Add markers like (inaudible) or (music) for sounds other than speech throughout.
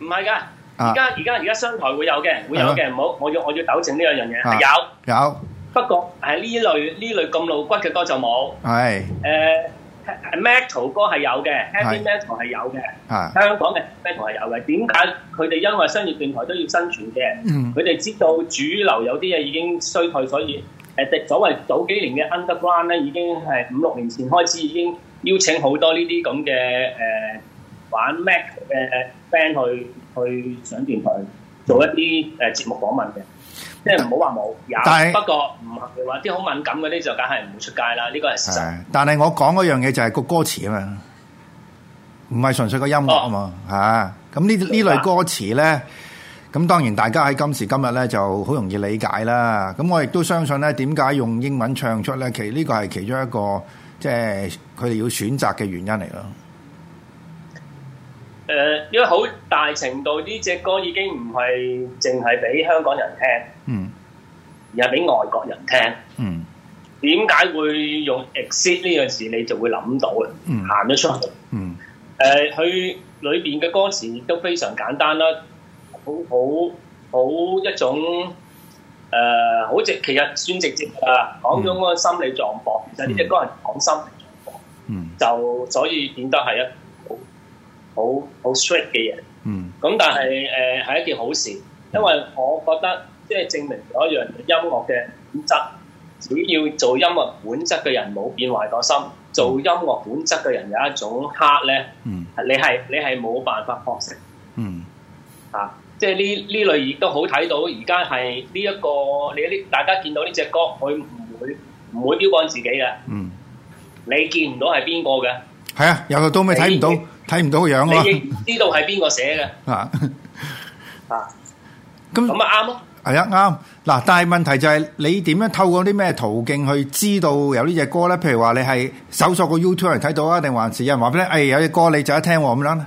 唔係㗎，而家而家而家商台會有嘅，會有嘅，唔好，我要我要糾正呢樣嘢，啊、有，有，不過係呢、啊、類呢類咁露骨嘅歌就冇，係是，誒、呃、metal 歌係有嘅，heavy metal 係有嘅，是香港嘅 metal 係有嘅，點解佢哋因為商業電台都要生存嘅，佢哋、嗯、知道主流有啲嘢已經衰退，所以誒、呃，所謂早幾年嘅 underground 咧，已經係五六年前開始已經邀請好多呢啲咁嘅誒。呃玩 Mac 嘅、呃、band 去去上電台做一啲誒、呃、節目訪問嘅，即係唔好話冇，有但係不過唔係話啲好敏感嗰啲就梗係唔會出街啦。呢個係事實。但係我講嗰樣嘢就係個歌詞啊嘛，唔係純粹個音樂嘛、哦、啊嘛嚇。咁呢呢類歌詞咧，咁當然大家喺今時今日咧就好容易理解啦。咁我亦都相信咧，點解用英文唱出咧？其實呢個係其中一個即係佢哋要選擇嘅原因嚟咯。誒，因為好大程度呢隻歌已經唔係淨係俾香港人聽，嗯，而係俾外國人聽，嗯。點解會用 exit 呢樣字？你就會諗到行咗、嗯、出去，嗯。誒、呃，佢裏邊嘅歌詞亦都非常簡單啦，好好好一種誒、呃，好直，其實算直接噶，講咗個心理狀況。嗯、其實呢隻歌係講心理狀況，嗯，嗯就所以變得係一。好好 sweet 嘅嘢，咁、嗯、但係誒係一件好事，因為我覺得即係證明咗一樣音樂嘅本質，只要做音樂本質嘅人冇變壞個心，做音樂本質嘅人有一種黑咧、嗯，你係你係冇辦法學識，嗯、啊，即係呢呢類亦都好睇到，而家係呢一個你啲大家見到呢隻歌，佢唔會唔會標榜自己嘅，嗯、你見唔到係邊個嘅？係啊，有個都未睇唔到。睇唔到個樣咯、啊，知道係邊個寫嘅？啊咁咁 (laughs) 啊啱咯，係啊啱。嗱，但係問題就係你點樣透過啲咩途徑去知道有呢隻歌咧？譬如話你係搜索個 YouTube 嚟睇到啊，定還是有人話俾你？誒、哎，有隻歌你就一聽喎、啊，咁樣咧？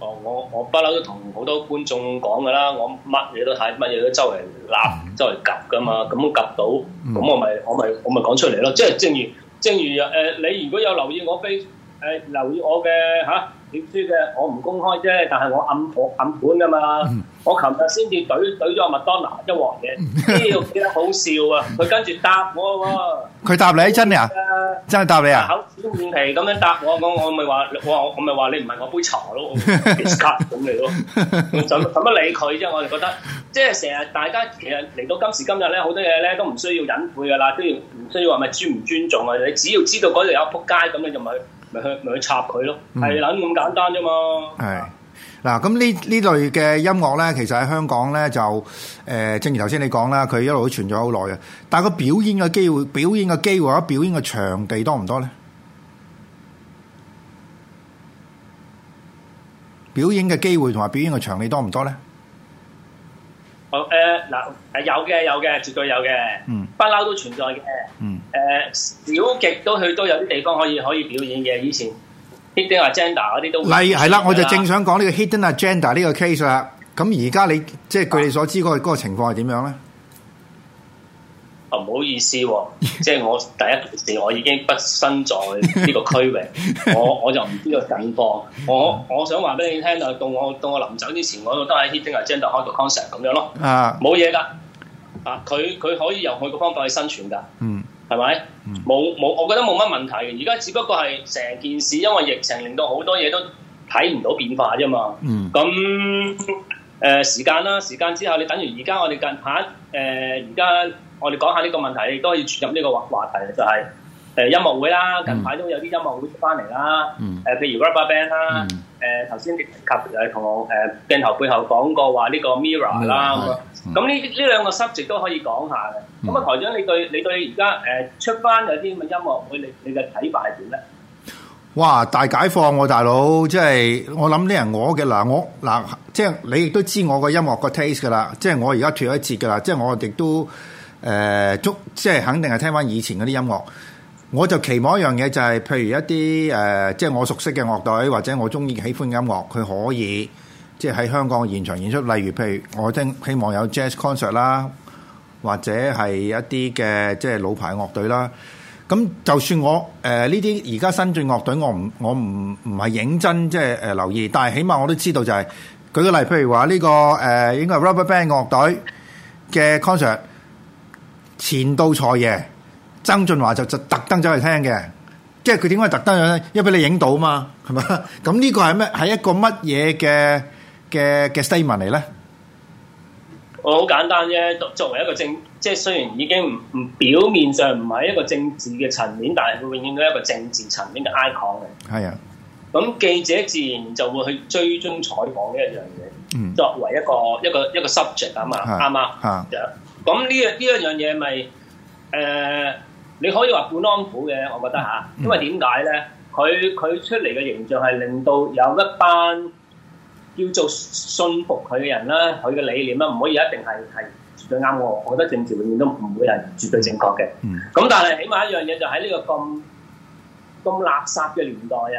哦，我我不嬲都同好多觀眾講噶啦，我乜嘢都睇，乜嘢都周圍拉，周圍及噶嘛，咁及到，咁我咪、嗯、我咪我咪講出嚟咯。即、就、係、是、正如正如誒，你如果有留意我飛。誒留意我嘅嚇點知嘅，我唔公開啫，但係我暗我暗本噶嘛。我琴日先至懟懟咗麥當娜一鑊嘢，呢度幾得好笑啊！佢跟住答我喎，佢答你真係，真係答你啊！口齒面皮咁樣答我，我我咪話我我咪話你唔係我杯茶咯，咁嚟咯，就咁樣理佢啫。我哋覺得即係成日大家其實嚟到今時今日咧，好多嘢咧都唔需要隱晦噶啦，都要唔需要話咪尊唔尊重啊？你只要知道嗰度有仆街咁，你就咪。咪去咪去插佢咯，係諗咁簡單啫嘛。係嗱，咁呢呢類嘅音樂咧，其實喺香港咧就誒，正如頭先你講啦，佢一路都存在好耐嘅。但係個表演嘅機會，表演嘅機會，或者表演嘅場地多唔多咧？表演嘅機會同埋表演嘅場地多唔多咧？好誒、呃，嗱、呃，誒有嘅有嘅，絕對有嘅，不嬲、嗯、都存在嘅。嗯。誒、啊，小極都去到有啲地方可以可以表演嘅。以前 Hidden Agenda 嗰啲都嚟係啦，我就正想講呢個 Hidden Agenda 呢個 case 啦、啊。咁而家你即係據你所知嗰、那個、啊、個情況係點樣咧？啊，唔好意思、啊，即係我第一件事我已經不身在呢個區域， (laughs) 我我就唔知道近況。我我想話俾你聽、啊、到我到我臨走之前，我都喺 Hidden Agenda 開個 concert 咁樣咯。啊，冇嘢噶，啊，佢佢可以由佢個方法去生存噶。嗯。係咪？冇冇、嗯？我覺得冇乜問題嘅。而家只不過係成件事，因為疫情令到好多嘢都睇唔到變化啫嘛。咁誒、嗯呃、時間啦，時間之後你等於而家我哋近排誒而家我哋講下呢個問題，都可以進入呢個話話題就係、是、誒、呃、音樂會啦，近排都有啲音樂會出翻嚟啦。誒、嗯呃、譬如 Rubberband 啦。嗯嗯誒頭先，及別係同誒鏡頭背後講過話呢個 mirror、嗯、啦。咁呢呢兩個 subject 都可以講下嘅。咁啊、嗯，台長你，你對你對而家誒出翻有啲咁嘅音樂會，你你嘅睇法係點咧？哇！大解放我、啊、大佬，即係我諗呢人我嘅嗱，我嗱即係你亦都知我個音樂個 taste 噶啦，即係我而家脫咗一節噶啦，即係我亦都誒捉，即係、呃、肯定係聽翻以前嗰啲音樂。我就期望一樣嘢就係、是，譬如一啲誒、呃，即係我熟悉嘅樂隊，或者我中意喜歡，喜歡嘅音樂，佢可以即係喺香港現場演出。例如，譬如我聽希望有 Jazz Concert 啦，或者係一啲嘅即係老牌樂隊啦。咁就算我誒呢啲而家新晉樂隊，我唔我唔唔係認真即係誒留意，但係起碼我都知道就係、是、舉個例，譬如話呢、這個誒、呃、應該係 Rubber Band 樂隊嘅 Concert，前度財爺，曾俊華就就特登走去聽嘅，即係佢點解特登咧？因為俾你影到嘛，係嘛？咁呢個係咩？係一個乜嘢嘅嘅嘅 statement 嚟咧？我好簡單啫，作作為一個政，即係雖然已經唔唔表面上唔係一個政治嘅層面，但係佢永遠都係一個政治層面嘅 icon 嚟的。係啊，咁記者自然就會去追蹤採訪呢一樣嘢，嗯、作為一個一個一個 subject 啊嘛的，啱嘛吧，咁呢一呢一樣嘢咪誒？呃你可以話本安撫嘅，我覺得吓，因為點解咧？佢佢出嚟嘅形象係令到有一班叫做信服佢嘅人啦，佢嘅理念啦，唔可以一定係係絕對啱我。我覺得政治永遠都唔會係絕對正確嘅。咁但係起碼一樣嘢就喺呢個咁咁垃圾嘅年代啊，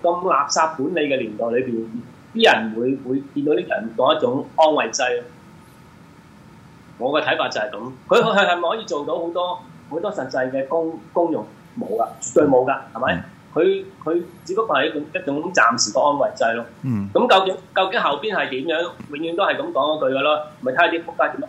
咁垃圾管理嘅年代裏邊，啲人會會見到啲人當一種安慰劑。我嘅睇法就係咁，佢佢係咪可以做到好多？好多實際嘅功功用冇噶，絕對冇噶，係咪？佢佢、嗯、只不過係一種一種暫時嘅安慰劑咯。嗯。咁究竟究竟後邊係點樣？永遠都係咁講嗰句嘅咯。咪睇下啲撲街點樣？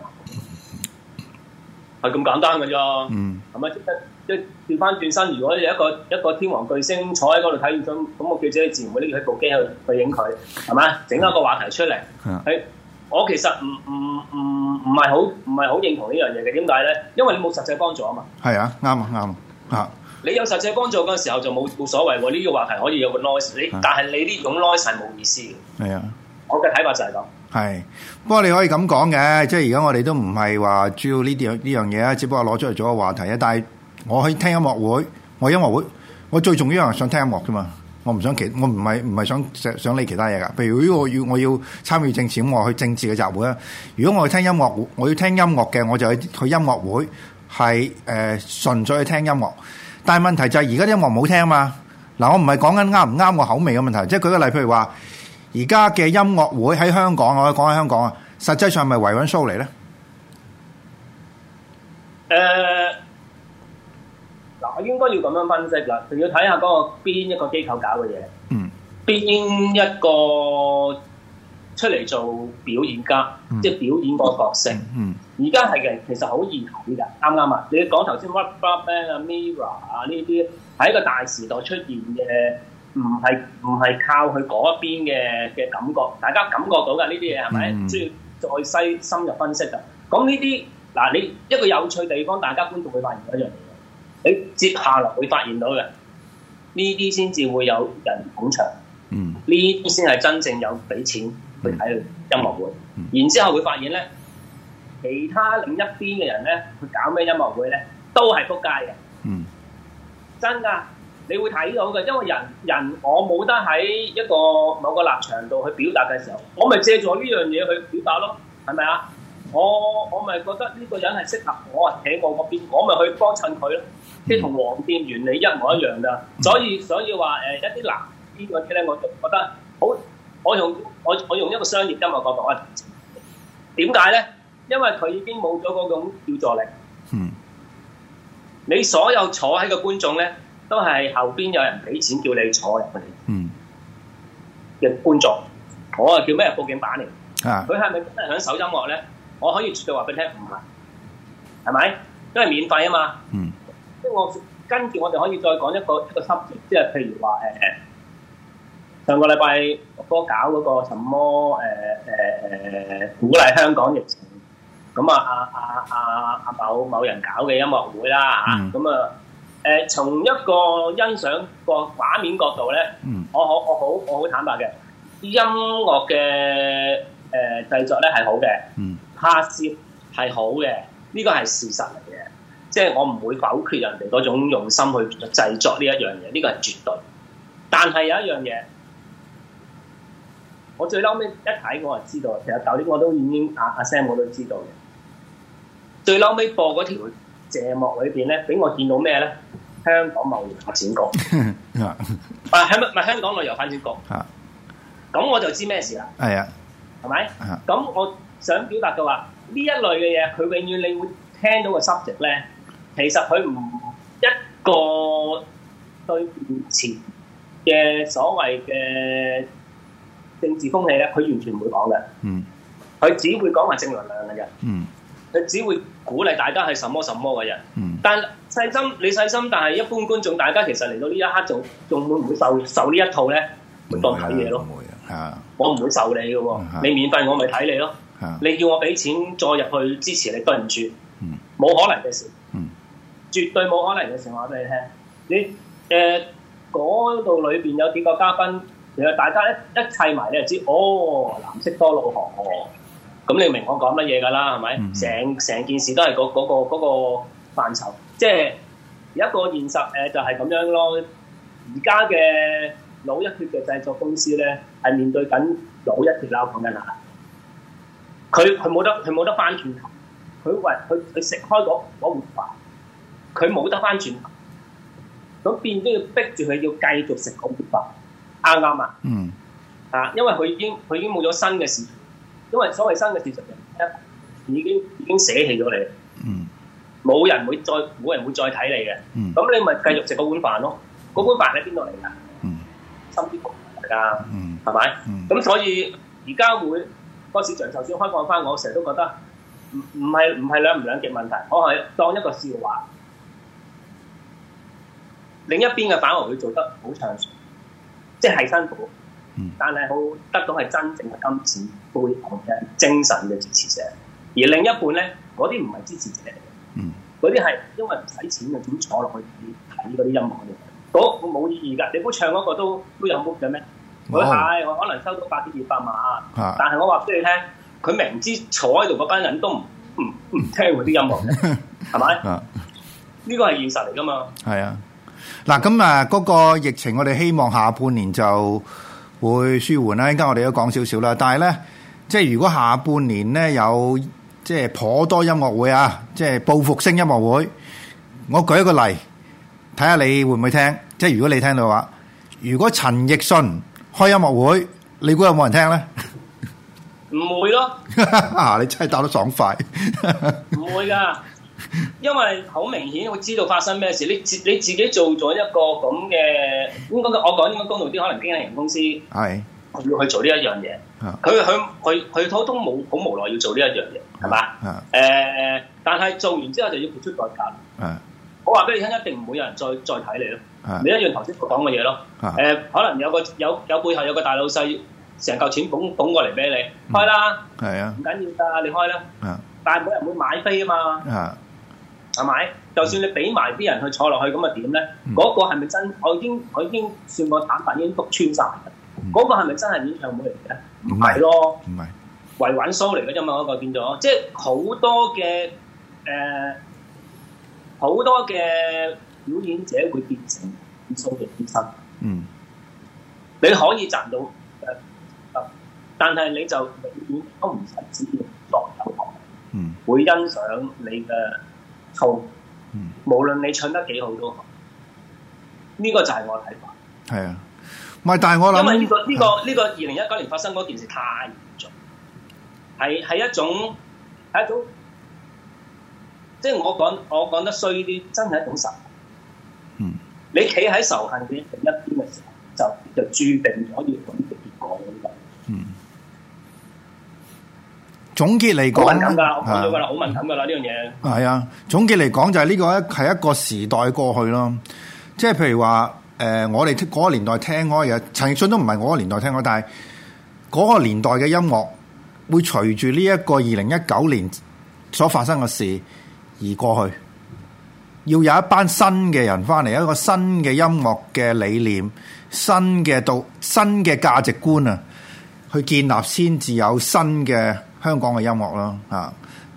係咁、嗯、簡單嘅啫。嗯。係咪即係即係掉返轉身？如果你有一個一個天王巨星坐喺嗰度睇完咁咁，記者自然會拎起部機去去影佢，係咪？整一個話題出嚟。嗯。係啊。我其實唔唔唔唔係好唔係好認同呢樣嘢嘅，點解咧？因為你冇實際幫助啊嘛。係啊，啱啊，啱啊。啊，你有實際幫助嗰個時候就冇冇所謂喎。呢個話題可以有個 noise，你、啊、但係你呢種 noise 係冇意思嘅。係啊，我嘅睇法就係咁。係，不過你可以咁講嘅，即係而家我哋都唔係話主要呢啲呢樣嘢啊，只不過攞出嚟做個話題啊。但係我可以聽音樂會，我音樂會，我最重要係想聽音樂噶嘛。我唔想其，我唔係唔係想想理其他嘢噶。譬如我要我要參與政治咁，我去政治嘅集會啦。如果我去聽音樂，我要聽音樂嘅，我就去去音樂會，係誒、呃、純粹去聽音樂。但係問題就係而家啲音樂唔好聽啊嘛。嗱，我唔係講緊啱唔啱我口味嘅問題，即係舉個例，譬如話而家嘅音樂會喺香港，我講喺香港啊，實際上係咪維穩 show 嚟咧？誒、uh。我應該要咁樣分析啦，仲要睇下嗰個邊一個機構搞嘅嘢，邊、嗯、一個出嚟做表演家，嗯、即係表演個角色。而家係嘅，其實好易睇噶，啱啱啊？你講頭先 Whatbub 啊、Mirror 啊呢啲，喺一個大時代出現嘅，唔係唔係靠佢嗰一邊嘅嘅感覺，大家感覺到噶呢啲嘢係咪？西是是嗯嗯、需要再細深入分析噶。講呢啲嗱，你一個有趣地方，大家觀眾會發現一樣嘢。誒，你接下落會發現到嘅，呢啲先至會有人捧場，嗯，呢啲先係真正有俾錢去睇音樂會，嗯嗯，然之後會發現咧，其他另一邊嘅人咧，去搞咩音樂會咧，都係撲街嘅，嗯，真噶，你會睇到嘅。因為人人我冇得喺一個某個立場度去表達嘅時候，我咪借助呢樣嘢去表達咯，係咪啊？我我咪覺得呢個人係適合我啊，企我嗰邊，我咪去幫襯佢咯。即同黃店原理一模一樣㗎。嗯，所以所以話誒一啲難啲嗰啲咧，我就覺得好，我用我我用一個商業音樂角度啊，點解咧？因為佢已經冇咗嗰種叫座力。嗯。你所有坐喺個觀眾咧，都係後邊有人俾錢叫你坐入去。嗯。嘅觀眾，我係叫咩佈景板嚟？啊！佢係咪真係享受音樂咧？我可以絕對話俾你聽，唔係。係咪？因為免費啊嘛。嗯。即，我跟住我哋可以再講一個一個濕，即係譬如話誒誒，上個禮拜我哥搞嗰個什麼誒誒誒鼓勵香港疫情，咁啊啊啊啊啊某某人搞嘅音樂會啦嚇，咁、嗯、啊誒、呃、從一個欣賞個畫面角度咧、嗯，我好我好我好坦白嘅，音樂嘅誒、呃、製作咧係好嘅，拍攝係好嘅，呢個係事實。即係我唔會否決人哋嗰種用心去製作呢一樣嘢，呢個係絕對。但係有一樣嘢，我最嬲尾一睇我就知道，其實舊年我都已經阿阿、啊啊、Sam 我都知道嘅。最嬲尾播嗰條謝幕裏邊咧，俾我見到咩咧？香港貿易發展局 (laughs) 啊，啊，係咪唔係香港旅遊發展局啊？咁 (laughs) 我就知咩事啦。係啊， (laughs) 係咪？咁我想表達嘅話，呢一類嘅嘢，佢永遠你會聽到個 subject 咧。其實佢唔一個對面前嘅所謂嘅政治風氣咧，佢完全唔會講嘅。嗯。佢只會講話正能量嘅人。嗯。佢只會鼓勵大家係什麼什麼嘅人。嗯。但細心你細心，但係一般觀眾，大家其實嚟到呢一刻仲仲會唔會受受呢一套咧？會，當睇嘢咯。會啊！嚇！我唔會受你嘅喎。嗯、你免費我咪睇你咯。嗯、你叫我俾錢再入去支持你對唔住。嗯。冇、嗯、可能嘅事。嗯絕對冇可能嘅事，我話俾你聽。你誒嗰度裏邊有幾個嘉賓，其實大家一一砌埋你就知，哦，藍色多瑙河，咁你明我講乜嘢㗎啦？係咪？成成件事都係嗰嗰個嗰個範疇，即係一個現實誒，就係咁樣咯。而家嘅老一輩嘅製作公司咧，係面對緊老一輩鬧緊啦。佢佢冇得佢冇得翻轉頭，佢為佢佢食開嗰嗰碗飯。佢冇得翻轉頭，咁變都要逼住佢要繼續食嗰碗飯，啱唔啱啊？嗯。啊，因為佢已經佢已經冇咗新嘅市場，因為所謂新嘅市場已經已經捨棄咗你，嗯。冇人會再冇人會再睇你嘅，嗯。咁你咪繼續食嗰碗飯咯，嗰碗飯喺邊度嚟噶？嗯。深資股嚟噶，嗯，係咪？嗯。咁所以而家會、個市場就算開放翻，我成日都覺得唔唔係唔係兩唔兩極問題，我係當一個笑話。另一邊嘅反而會做得好暢順，即係辛苦，但係好得到係真正嘅金錢背後嘅精神嘅支持者。而另一半咧，嗰啲唔係支持者，嚟嘅，嗰啲係因為唔使錢嘅，點坐落去睇嗰啲音樂嘅，嗰、哦、冇意義㗎。你估唱嗰個都都有好嘅咩？我係哇、哎、我可能收到百幾二百萬，啊、但係我話俾你聽，佢明知坐喺度嗰班人都唔唔唔聽嗰啲音樂嘅，係咪？呢個係現實嚟㗎嘛。係啊。嗱咁啊，嗰個疫情我哋希望下半年就會舒緩啦。依家我哋都講少少啦，但係咧，即係如果下半年咧有即係頗多音樂會啊，即係報復性音樂會，我舉一個例，睇下你會唔會聽。即係如果你聽到話，如果陳奕迅開音樂會，你估有冇人聽咧？唔會咯 (laughs) 啊，你真係打得爽快，唔 (laughs) 會㗎。因為好明顯，我知道發生咩事，你自你自己做咗一個咁嘅，應該我講應該公道啲，可能經紀人公司係要去做呢一樣嘢，佢佢佢佢好都冇好無奈要做呢一樣嘢，係嘛？誒，但係做完之後就要付出代價。我話俾你聽，一定唔會有人再再睇你咯。你一樣頭先講嘅嘢咯。誒，可能有個有有背後有個大老細，成嚿錢捧捧過嚟俾你開啦，係啊，唔緊要噶，你開啦。但係冇人會買飛啊嘛。係咪？就算你俾埋啲人去坐落去，咁啊點咧？嗰、mm. 個係咪真？我已經我已經算個坦白，已經篤穿晒。嗰、mm. 個係咪真係演唱會嚟嘅？唔係、mm. 是，係咯是，維穩 show 嚟嘅啫嘛。嗰、那個變咗，即係好多嘅誒，好、呃、多嘅表演者會變成 show 嘅醫生。嗯、呃，mm. 你可以賺到誒，但係你就永遠都唔使接觸當堂，嗯，會欣賞你嘅。好，嗯，無論你唱得幾好都好，呢個就係我睇法。係啊，唔係但係我諗，因為呢個呢個、啊、呢個二零一九年發生件事太嚴重，係係一種係一種，即係我講我講得衰啲，真係一種、嗯、仇恨。嗯，你企喺仇恨嘅另一邊嘅時候，就就注定咗要。總結嚟講，敏感噶，我講咗噶啦，好敏感噶啦呢樣嘢。係啊，總結嚟講就係呢個一係一個時代過去咯。即係譬如話，誒、呃，我哋嗰個年代聽開嘅陳奕迅都唔係我個年代聽開，但係嗰個年代嘅音樂會隨住呢一個二零一九年所發生嘅事而過去。要有一班新嘅人翻嚟，一個新嘅音樂嘅理念、新嘅道、新嘅價值觀啊，去建立先至有新嘅。香港嘅音樂咯，啊！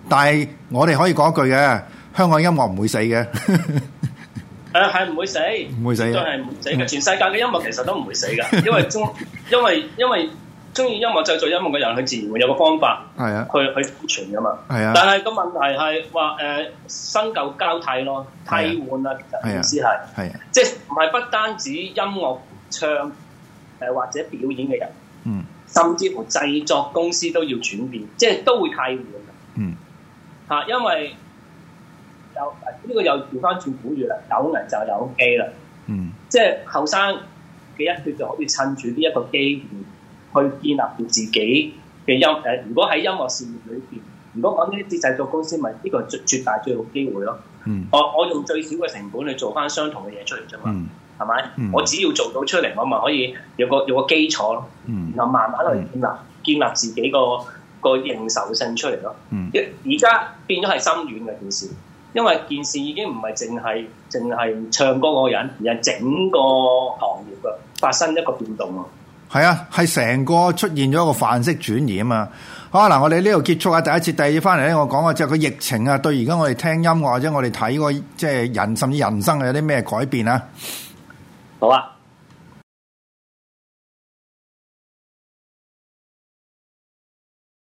但係我哋可以講一句嘅，香港音樂唔會死嘅，誒係唔會死，唔會死，真係唔死嘅。嗯、全世界嘅音樂其實都唔會死噶， (laughs) 因為中因為因為中意音樂製作音樂嘅人，佢自然會有個方法，係是啊，去去存噶嘛，係是啊。但係個問題係話誒新舊交替咯，替換是啊意思係，係即係唔係不單止音樂唱誒、呃、或者表演嘅人。甚至乎製作公司都要轉變，即係都會太換。嗯，嚇、啊，因為有呢、這個又調翻轉股語啦，有人就有機啦。嗯，即係後生嘅一佢就可以趁住呢一個機會去建立自己嘅音誒。如果喺音樂事業裏邊，如果講呢啲製作公司，咪、就、呢、是、個最絕大最好機會咯。嗯我，我我用最少嘅成本去做翻相同嘅嘢出嚟啫嘛。嗯嗯係咪？嗯、我只要做到出嚟，我咪可以有個有個基礎咯。嗯，然後慢慢去建立、嗯、建立自己個個認受性出嚟咯。嗯，而家變咗係深遠嘅件事，因為件事已經唔係淨係淨係唱歌嗰個人，而係整個行業嘅發生一個變動咯。係啊，係成個出現咗一個範式轉移啊嘛。好啊，嗱，我哋呢度結束啊，第一次第二翻嚟咧，我講嘅就係、係、個疫情啊，對而家我哋聽音樂或者我哋睇個即係人甚至人生有啲咩改變啊？好吧。走吧。